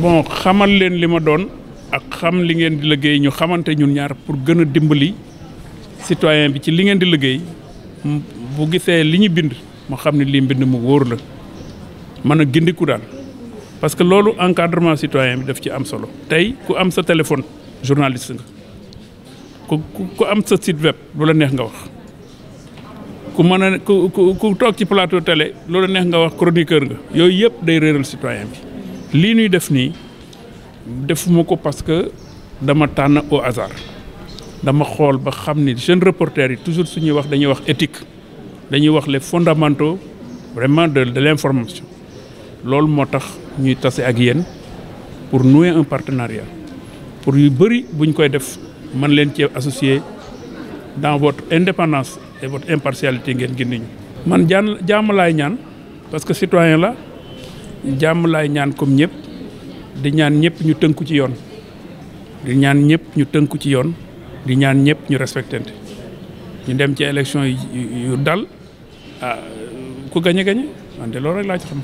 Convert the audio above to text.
bon xamal leen li ma doon ak xam li ngeen di liggéey ñu xamante ñun ñaar pour gën a dimbali citoyen bi ci li ngeen di liggéey bu gisee li ñu bind ma xam ne lii mbind mu wóor la mën a gindiku daal parce que loolu encadrement sitoyen bi def ci am solo tey ku am sa téléphone journaliste nga ku ku am sa site web lu la neex nga wax ku mën a ku ku toog ci plateau tele loolu neex nga wax chroniqueur nga yooyu yëpp day réeral citoyen bi lii nuy def nii defuma ko parce que dama tànn au hasard dama xool ba xam ni jeune reporter yi toujours suñuy wax dañuy wax étique dañuy wax les fondamentaux vraiment de de l'information loolu moo tax ñuy tase ak yéen pour nouer un partenariat pour yu bëri buñ koy def man leen cee associé dans votre indépendance et votre impartialité ngeen gindi ñu man jaan jàmm laay ñaan parce que citoyen la jàmm laay ñaan comme ñëpp di ñaan ñëpp ñu tënku ci yoon di ñaan ñëpp ñu tënku ci yoon di ñaan ñëpp ñu respectante ñu dem ci élection yu dal ah ku gañe gañe wante loolu rek laa ci xam